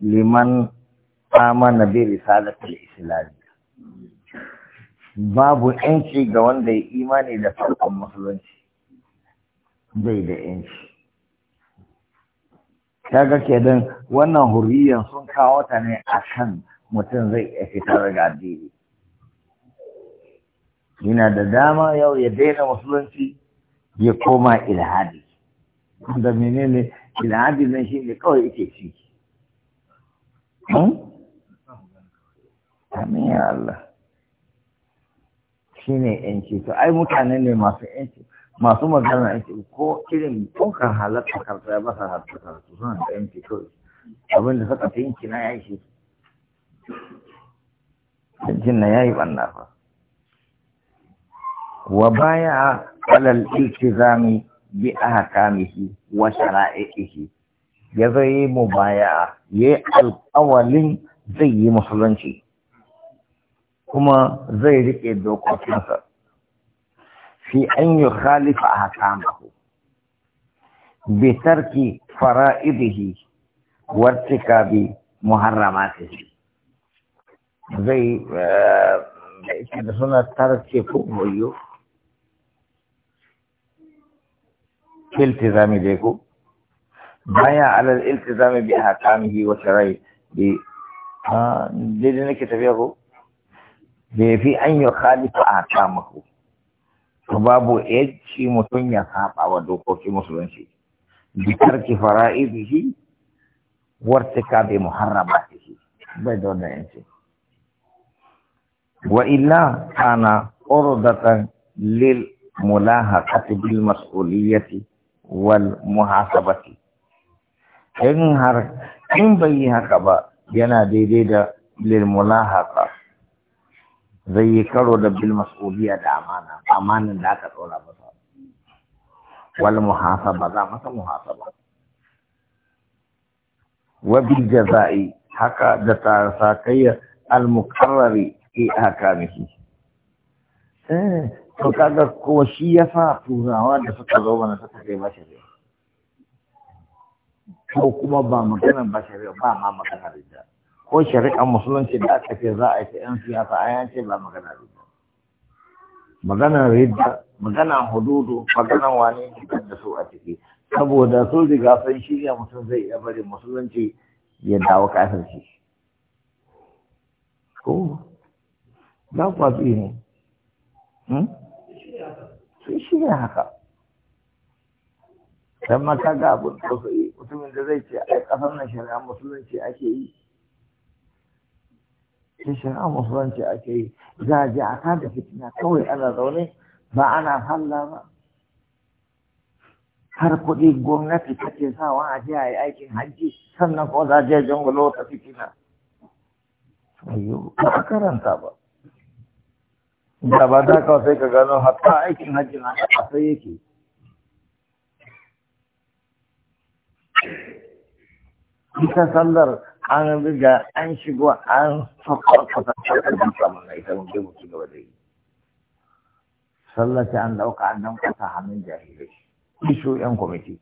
liman amana bi risalatul islam babu yanci ga wanda ya imani da farkon musulunci bai da yanci kaga don wannan hurriyan sun kawo ta ne akan mutum zai iya fitar da addini yana da dama yau ya daina musulunci ya koma ilhadi da menene ilhadi nan shi ne kawai yake ciki Amin ya Allah. Shi ne ‘yanci, to ai mutane ne masu ‘yanci, masu magana ‘yanci ko irin kunkan halatta karta ya basa halatta karta suna da ‘yanci kawai. Abinda suka fi yanki na yashi. Jin na yayi ɓanna fa. Wa baya alal iltizami bi ahkamihi wa shara'ihi ya zai mu baya ya yi alƙawalin zai yi musulunci kuma zai riƙe dokokinsa fi an yi khalifa a ki bi tarki fara'idihi ka bi shi zai eh, da suna tarce ko fil tizami dai ko baya alal iltizami bi ahkamihi wa sharai bi ha dai nake tafiya ko Be fi an yi khalifa ahkamahu to babu yanci mutum ya saba wa dokokin musulunci bi tarki fara'idihi wa bi muharramatihi bai da wannan yanci wa illa kana urdatan lil mulahaqati bil mas'uliyati wal muhasabati in har in bai yi haka ba yana daidai da lilmulahaka zai yi karo da bil mas'uliyya da amana amanin da aka tsora masa wal muhasaba za masa muhasaba wa bil jaza'i haka da sakayya al muqarrari fi ahkamihi eh to kaga ko shi yasa turawa da suka zo mana suka kai mashi ko kuma ba maganar ba shari'a ba ma maganar rida ko shari'ar musulunci da aka ce za a yi ta 'yan siyasa a yance ba maganar rida maganar rida maganar hududu maganar wani ne da su a ciki saboda su riga sun shirya mutum zai iya bari musulunci ya dawo shi. ko za ku ne hmm? sun shirya haka dan ma ka ga abin da su yi mutumin da zai ce ai kasar nan shari'a musulunci ake yi shi shari'a musulunci ake yi za a je a kada fitina kawai ana zaune ba ana falla ba har kuɗi gwamnati take sawa a je a yi aikin hajji sannan ko za a je jangulo ta fitina ba a karanta ba da ba da kawai sai ka gano hatta aikin hajji na sai yake ita sallar an riga an shigo an fakwata da samun na ita wanda mu ci gaba da yi sallar ta an dauka an dan kwata hannun jahilai iso yan kwamiti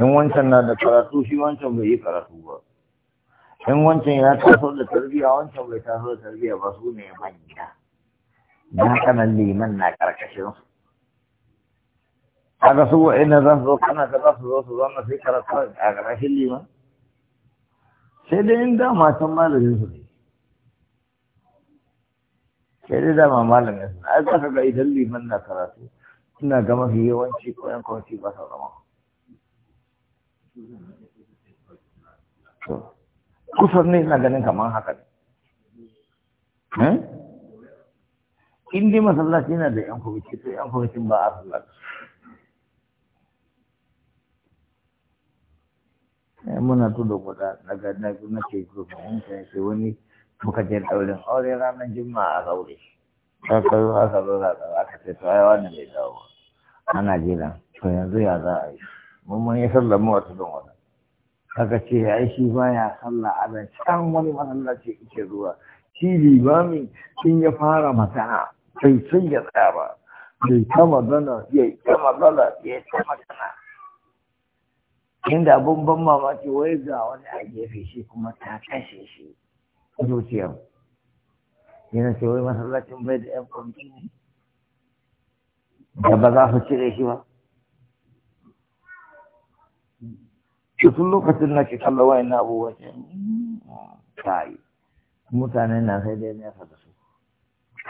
in wancan na da karatu shi wancan bai yi karatu ba in wancan ya taso da tarbiyya wancan bai taso da tarbiyya ba su ne manya Na kanan liman na karkashin su haka su ina za su zo kana ka za su zo su zama sai karatu a ƙarashin liman sai dai in dama can malamin su ne sai dai dama malamin su a za ka ga idan liman na karatu suna ga mafi yawanci ko yan kwanci ba sa zama kusur ne ina ganin kamar haka ne eh? in dai masallaci yana da yan kwamitin to yan kwamitin ba a sallaci ai muna tuda kuɗa daga na nake gurfin kai sai wani muka je ɗaurin aure ranar juma'a a zaure ta da aka a ka aka ce to ai wannan bai dawo ana jira to yanzu ya za a yi mun mun yi sallar mu wata don wata aka ce ai shi baya sallah azan can wani masallaci yake zuwa shi limamin sun ya fara magana sai sun ya tsaya ba bai ta magana ya ta magana ya ta magana inda abun ban mamaki wai ga wani a gefe shi kuma ta kashe shi zuciyar yana ce wai masallacin bai da yan kwamfi ne da ba za su cire shi ba shi lokacin na ke kallon wani na abubuwa ce hmm, kai mutane na sai dai nesa da su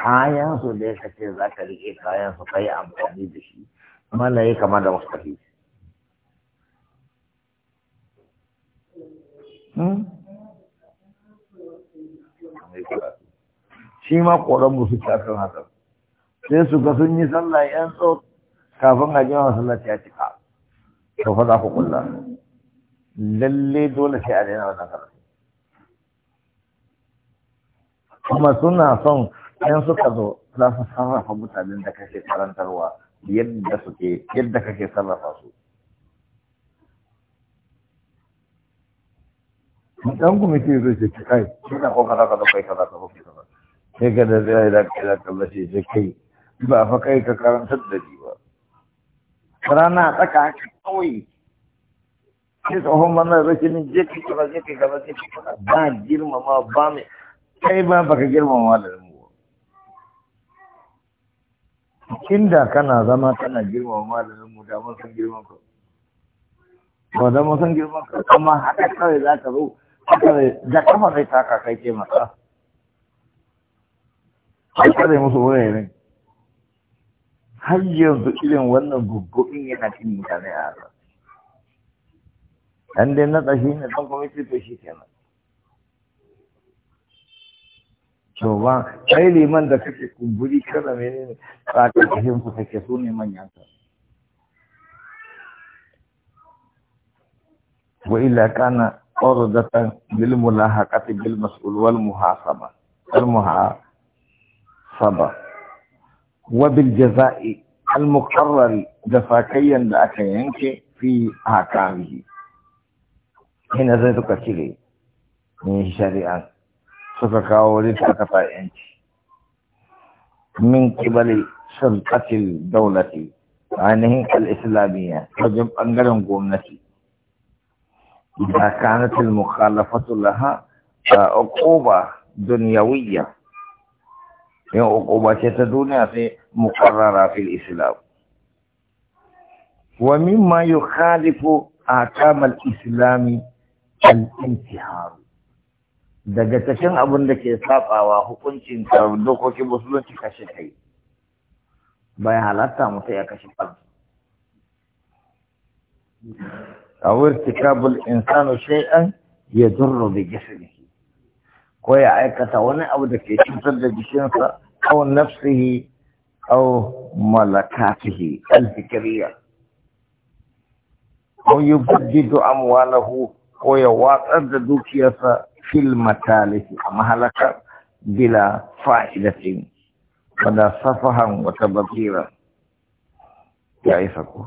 kayan su da ya kace za ka rike kayan su kai amfani da shi amma na yi kama da mustafi shi ma koran musu ci akan haka sai su ga sun yi sallah yan tso kafin a jima sallah ta cika to fa za ku kulla lalle dole sai a daina wannan karatu kuma suna son yan suka zo za su sarrafa mutanen da kake karantarwa yadda suke yadda kake sarrafa su dan kuma ke zai ce kai kina ko kaza kaza kai kaza kaza kai kaza sai ga da zai da kai da sai kai ba fa kai ka karanta da ni ba rana tsaka kawai sai tsohon mana rashin je ki kaza je ki kaza je ki kaza ba girmama ba mai kai ba baka girmama da mu inda kana zama kana girmama malamin mu da mun san girman ka ba da mun san girman ka kuma haka kawai za ka zo da kafa zai taka kai ce maka har kare musu wuraren har yanzu irin wannan in yana cin mutane a haka dan dai na tsashi ne dan kuma ce to shi kenan to ba kai liman da kake kumburi kada menene ka ta kashin su kake su ne manyan ka wa illa kana عرضة للملاحقة بالمسؤول والمحاسبة المحاسبة وبالجزاء المقرر جفاكيا لأكينك في أحكامه هنا زي تكتلي من شريعة سكاكاو لتكتا من قبل شرطة الدولة عنه يعني الإسلامية وجب أنجل قومنتي Ka kanatar mu kala fatula ha. O koba ya wuya. ce ta duniya sai mu ƙwarara fili Islam. Wa min ma ya khalifu a kamal Islam Daga cakken abun da ke sa sababa hukuncin ta lokacin musulunci kashe kai. Bai halarta musu ya kashe kai. أو ارتكاب الإنسان شيئا يضر بجسده كويا عيكة وانا أو دكي تضر بجسده أو نفسه أو ملكاته الفكرية أو يبدد أمواله كويا واطر دوكيسة في المتالف مهلكة بلا فائدة ولا صفها وتبطيرا يعيفكم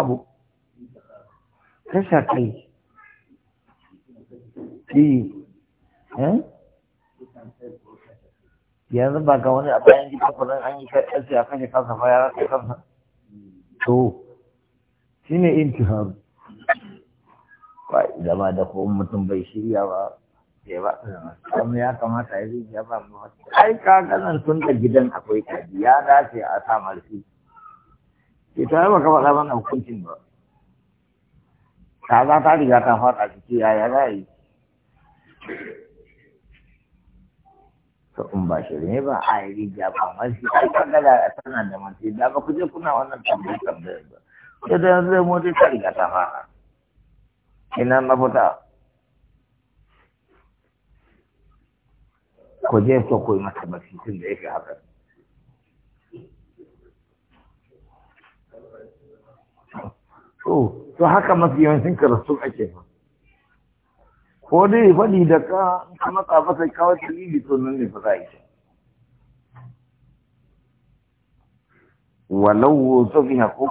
أبو kasha kai yi yanzu ba ga wani a bayan gida kuma an yi kashe a kashe kansa ba ya rasa kansa to shi ne intiharu ba da kuma mutum bai shirya ba ya ba kuma ya kamata ya ya ba mu ai ka ganin tun da gidan akwai kaji ya dace a sa marfi ke tare ba ka faɗa mana hukuncin ba kaza ta riga ta faɗa ciki yaya za yi to in ba shi ne ba a yi riga ba mashi a kagala tana da mace da ba ku je kuna wannan tambayar tambayar ba sai da yanzu zai mota ta riga ta faɗa ina mafita ku je so ku yi mata basitin da yake haka to to haka mafi yawancin karatu ake fa ko dai faɗi da ka ka matsa ba sai kawo dalili to nan ne fa za a yi walau ko